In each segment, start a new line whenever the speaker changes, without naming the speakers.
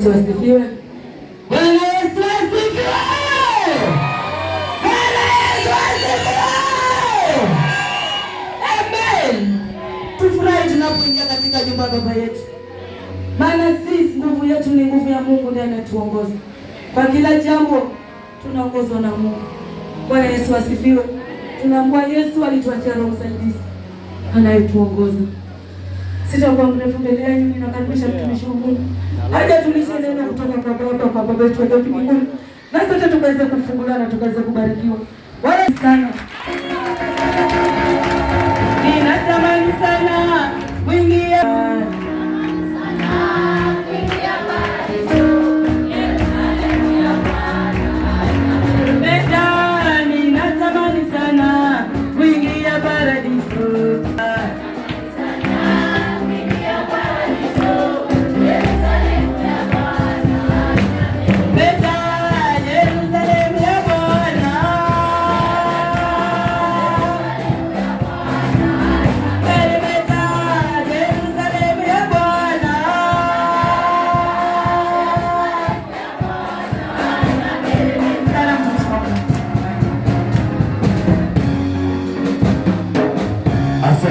Asifiwe. Tufurahi tunapoingia katika nyumba baba yetu, maana sisi nguvu yetu ni nguvu ya Mungu ndiye anatuongoza kwa kila jambo, tunaongozwa na Mungu. Bwana Yesu asifiwe. Tunaambua Yesu alituachia Roho Msaidizi anayetuongoza Sitakuwa mrefu mbele yenu, ninakaribisha mtumishi wa Mungu aje tulishe neno kutoka kwa Baba, kwa Baba wetu wa mbinguni, na sote tukaweze kufungulana na tukaweze kubarikiwa. Wale sana ninatamani sana kuingia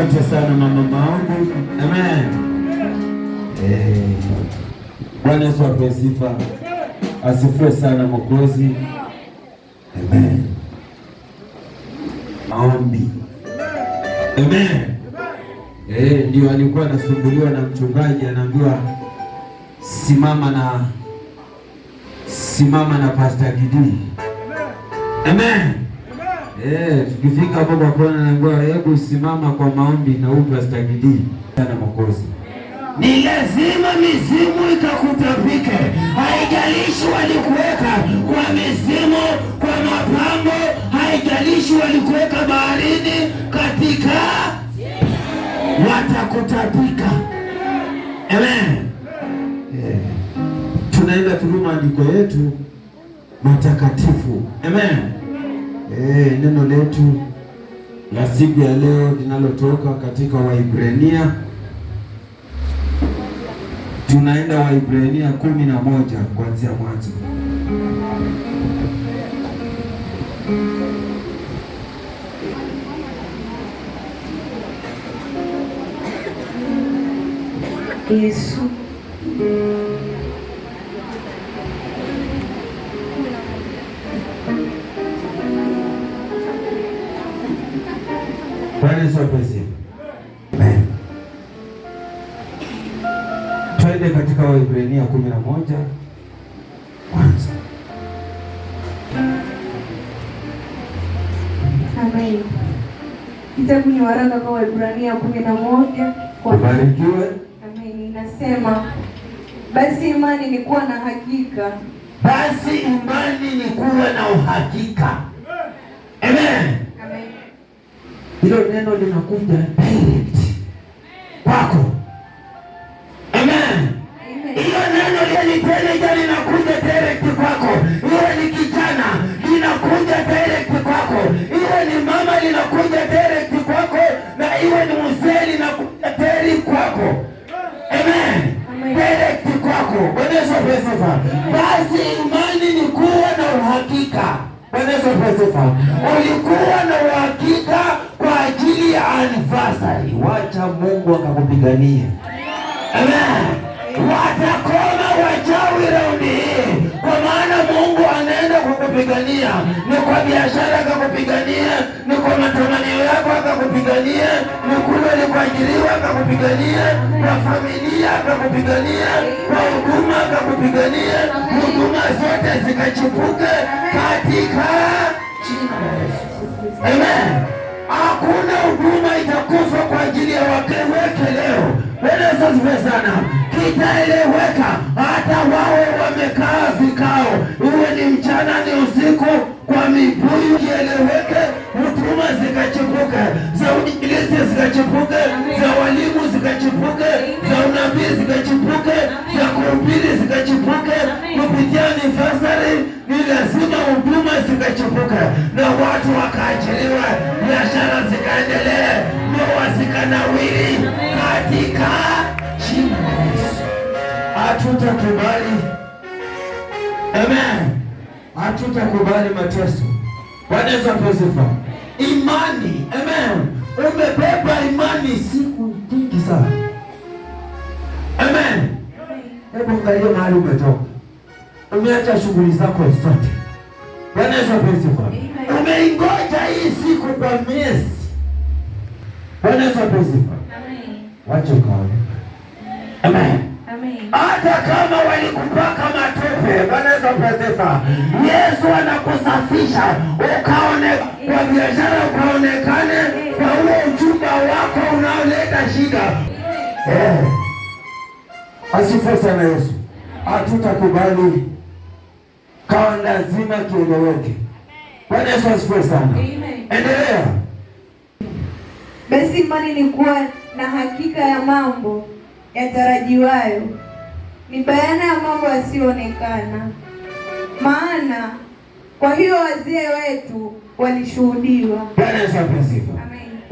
Asante sana mama maombi. Amen. Eh, Bwana Yesu apewe sifa. Asifiwe sana Mwokozi. Amen. Maombi. Amen. Eh, ndio alikuwa anasumbuliwa na mchungaji anaambiwa simama na simama na Pastor Gidi. Amen. Eh, tukifika hapo kwa Bwana hebu simama kwa maombi na upastagidii na Mwokozi. Ni lazima mizimu ikakutapike, haijalishi walikuweka kwa mizimu, kwa mapambo, haijalishi walikuweka baharini, katika watakutapika. Amen. Eh, tunaenda turuma andiko yetu matakatifu. Amen. Eh, neno letu la siku ya leo linalotoka katika Waibrania, tunaenda Waibrania kumi na moja kuanzia mwanzo. Yesu kumi na moja kwanza. Amen. Kitabu ni waraka kwa Waebrania kumi na moja. Amen. Inasema basi imani ni kuwa na hakika, basi imani ni kuwa na uhakika. Amen. Amen. Hilo neno linakuja direct kwako tena gari direct kwako, iwe ni kijana linakuja direct kwako, iwe ni mama linakuja direct kwako, na iwe ni mzee linakuja direct kwako. Amen, direct kwako. Bwana Yesu asifiwe. Basi imani ni kuwa na uhakika. Bwana Yesu asifiwe. Ulikuwa na uhakika kwa ajili ya anniversary, wacha Mungu akakupigania. Amen, watakoma wachawi raundi hii, kwa maana Mungu anaenda kukupigania. Ni kwa biashara akakupigania, ni kwa matamanio yako akakupigania, ni kule ulikoajiriwa akakupigania, kwa familia akakupigania, kwa huduma akakupigania, huduma zote zikachipuke katika jina la Yesu. Amen. Hakuna huduma itakufa kwa ajili ya wake weke leo Elezazive sana kitaeleweka, hata wawe wamekaa vikao, iwe ni mchana ni usiku, kwa mibuyu kieleweke, hutuma zikachipuke, za uinjilizi zikachipuke, za walimu zikachipuke, za unabii zikachipuke, za kuhubiri hatutakubali amen, hatutakubali mateso. Bwana Yesu asifiwe. Imani amen, umebeba imani siku nyingi sana amen. Hebu angalia mahali umetoka, umeacha shughuli zako zote. Bwana Yesu asifiwe. Umeingoja hii siku kwa miezi. Bwana Yesu asifiwe. Wacha ukaone amen hata kama walikupaka matope, Bwana Yesu asifiwe. Yesu anakusafisha ukaone kwa biashara, ukaonekane kwa ule uchumba wako unaoleta shida. Eh, asifiwe sana Yesu. Hatutakubali kawa, lazima kieleweke. Bwana Yesu asifiwe sana. Endelea. Basi imani ni kuwa na hakika ya mambo yatarajiwayo ni bayana ya mambo yasiyoonekana. Maana kwa hiyo wazee wetu walishuhudiwa. Amen.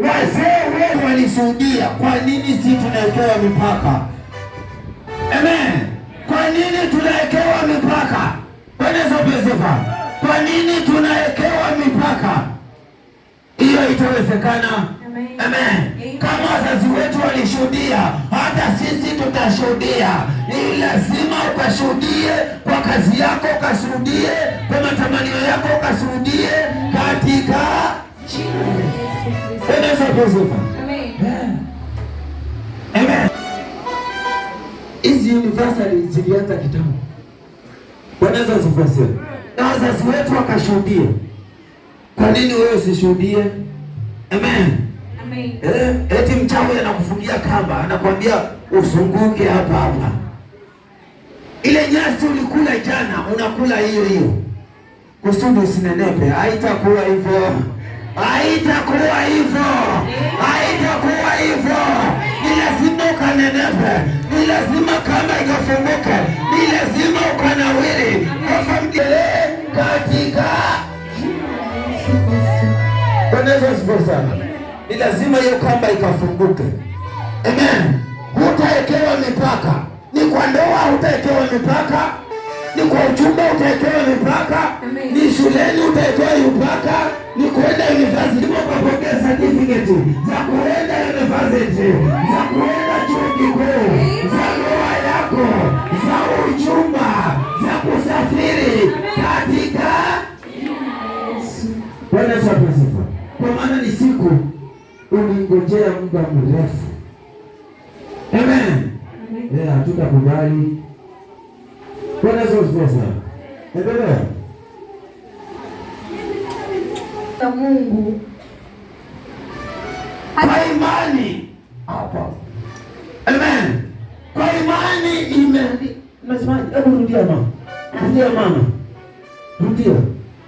Wazee wetu walishuhudia. Kwa nini si tunawekewa mipaka? Amen. Kwa nini tunawekewa mipaka? Bwana sifa. Kwa nini tunawekewa mipaka? Hiyo itawezekana. Amen. Amen. Kama wazazi wetu walishuhudia, hata sisi unashuhudia. Ni lazima ukashuhudie kwa kazi yako, ukashuhudie kwa matamanio yako, ukashuhudie katika hizi universal zilianza kitambo, wanaweza zifasiri na wazazi wetu wakashuhudie. Kwa nini wewe usishuhudie? Amen. Eh, eti mchawi anakufungia kamba, anakwambia usunguke hapa hapa. Ile nyasi ulikula jana unakula hiyo hiyo kusudi usinenepe. Haitakuwa hivyo, haitakuwa hivyo, haitakuwa hivyo. Ni lazima ukanenepe, ni lazima kamba ikafunguke, ni lazima ukanawili katika unaweza sana ni lazima hiyo kamba ikafunguke. Amen. Hutaekewa mipaka, ni kwa ndoa hutaekewa mipaka, ni kwa uchumba utaekewa mipaka, ni shuleni utaekewa mipaka, ni kwenda university ukapokea certificate za kuenda university za kuenda chuo kikuu za ndoa yako muda mrefu. Amen. Eh, hatutakubali. Bwana Yesu asifiwe. Endelea. Na Mungu kwa imani hapa. Amen. Kwa imani ime Unasemaje? Hebu rudia mama. Rudia mama. Rudia.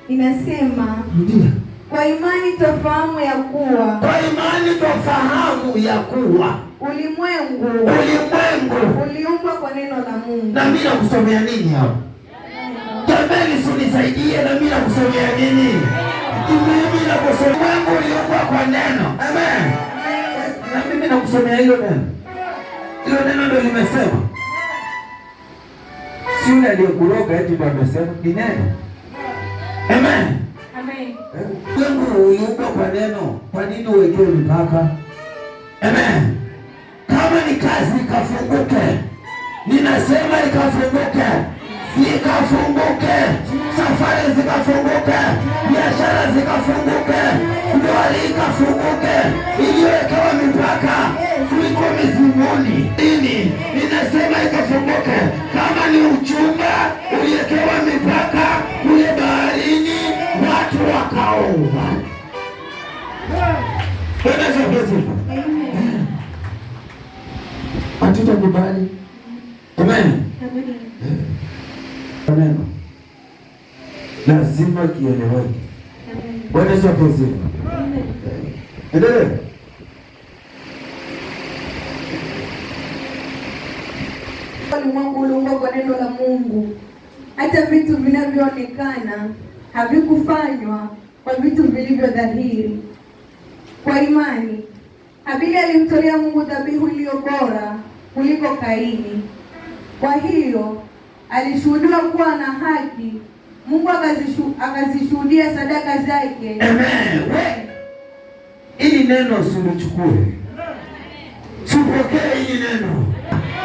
Inasema. Rudia. Kwa imani twafahamu ya kuwa, kwa imani twafahamu ya kuwa ulimwengu ulimwengu uliumbwa kwa neno la Mungu. Na mimi nakusomea nini hapo? Jamani, sunisaidie na mimi nakusomea nini? Mimi nakusomea ulimwengu uliumbwa kwa neno. Amen. Na mimi nakusomea hilo neno, hilo neno ndio limesema, si yule aliyekuroga eti ndio amesema, ni neno. Amen. Mungu uliumba kwa neno, kwa nini uwekee mipaka? Amen. Kama ni kazi ikafunguke, ninasema ikafunguke, zikafunguke, safari zikafunguke, biashara zikafunguke, ndoa ikafunguke, iliyowekewa mipaka kuliko mizimuni ini, ninasema ikafunguke. Kama ni uchumba uliwekewa mipaka Hatutakubali. Amen. Amen. Lazima kieleweke. Bwana Yesu asifiwe. Endelee. Ulimwengu uliumbwa kwa neno la Mungu, hata vitu vinavyoonekana havikufanywa kwa vitu vilivyo dhahiri kwa imani Habili alimtolea Mungu dhabihu iliyo bora kuliko Kaini. Kwa hiyo alishuhudiwa kuwa na haki. Mungu akazishuhudia sadaka zake. Ili neno usimchukue, sipokee hili neno.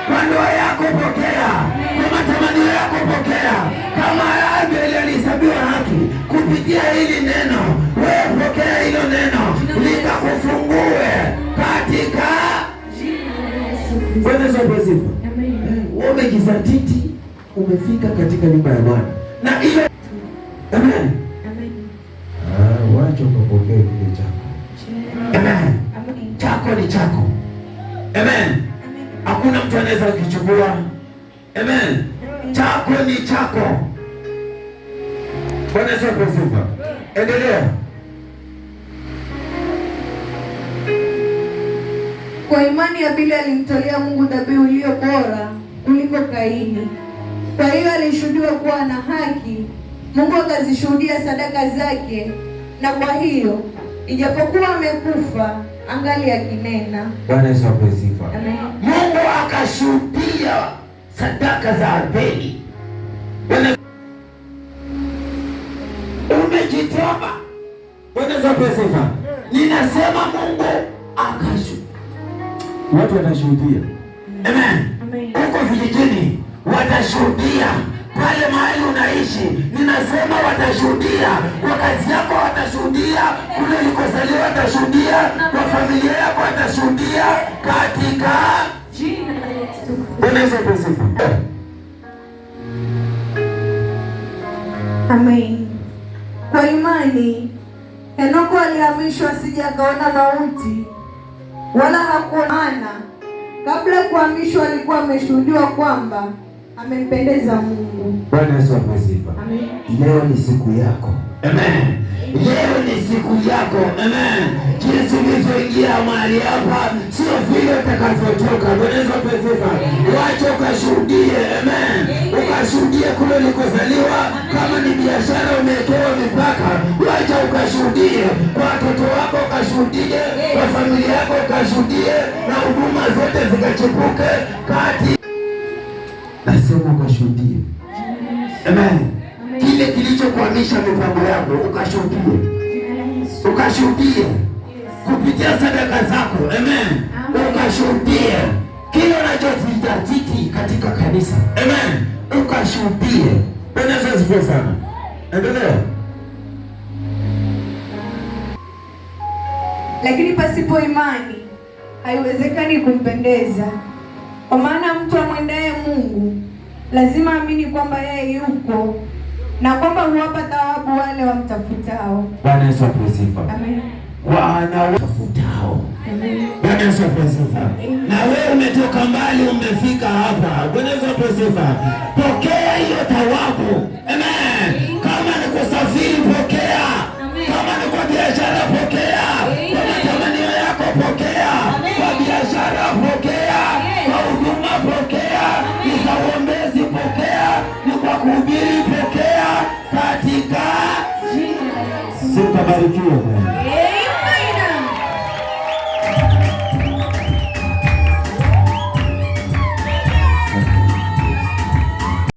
Kwa ndoa yako pokea, kwa matamanio yako pokea. Kama Habili alihesabiwa haki kupitia hili neno, wewe pokea hilo neno katika jina la Yesu. Wewe umejizatiti umefika katika nyumba ya Bwana na ile amen. Amen. Ah, wacha ukapokee kile chako. Amen. Chako ni chako. Amen. Hakuna mtu anaweza kuchukua. Amen. Chako ni chako. Bwana Yesu asifiwe. Endelea. Kwa imani Habili alimtolea Mungu dhabihu iliyo bora kuliko Kaini, kwa hiyo alishuhudiwa kuwa na haki. Mungu akazishuhudia sadaka zake, na kwa hiyo ijapokuwa amekufa angali akinena. Bwana Yesu asifiwe. Mungu akashuhudia sadaka za Bwana umejitoa. Bwana Yesu asifiwe. Ninasema Mungu aka watu watashuhudia. Amen. Huko vijijini watashuhudia pale mahali unaishi, ninasema watashuhudia. Kwa kazi yako watashuhudia, kule ulikozaliwa watashuhudia, kwa familia yako watashuhudia, katika jina la Yesu. Amen. Kwa imani Henoko alihamishwa asije akaona mauti wala hakuonana kabla kuhamishwa. Alikuwa ameshuhudiwa kwamba amempendeza Mungu. Bwana Yesu asifiwe. Amen. Leo ni siku yako. Amen leo ni siku yako. Amen. Jinsi ulivyoingia mahali hapa sio vile utakavyotoka. Bwana, wacha ukashuhudie. Amen. Ukashuhudie kule ulikozaliwa. Kama ni biashara umewekewa mipaka, wacha ukashuhudie kwa watoto wako, ukashuhudie kwa familia yako, ukashuhudie na huduma zote zikachipuke kati, nasema ukashuhudie. Amen kile kilichokwamisha mipango yako ukashuhudie, ukashuhudie kupitia sadaka zako, amen. Ukashuhudie kile unachohitajiki katika kanisa, amen. Ukashuhudie. Bwana asifiwe sana, endelea. Lakini pasipo imani haiwezekani kumpendeza, kwa maana mtu amwendaye Mungu lazima amini kwamba yeye yuko na kwamba huwapa thawabu wale wamtafutao. Bwana Yesu asifiwe. Amen. Amen. Bwana Yesu asifiwe. Na wewe umetoka mbali umefika hapa. Bwana Yesu asifiwe. Pokea hiyo thawabu. Amen. Kama ni kusafiri pokea. Amen. Kama ni kwa biashara pokea. Kama tamanio yako pokea. 働きよね。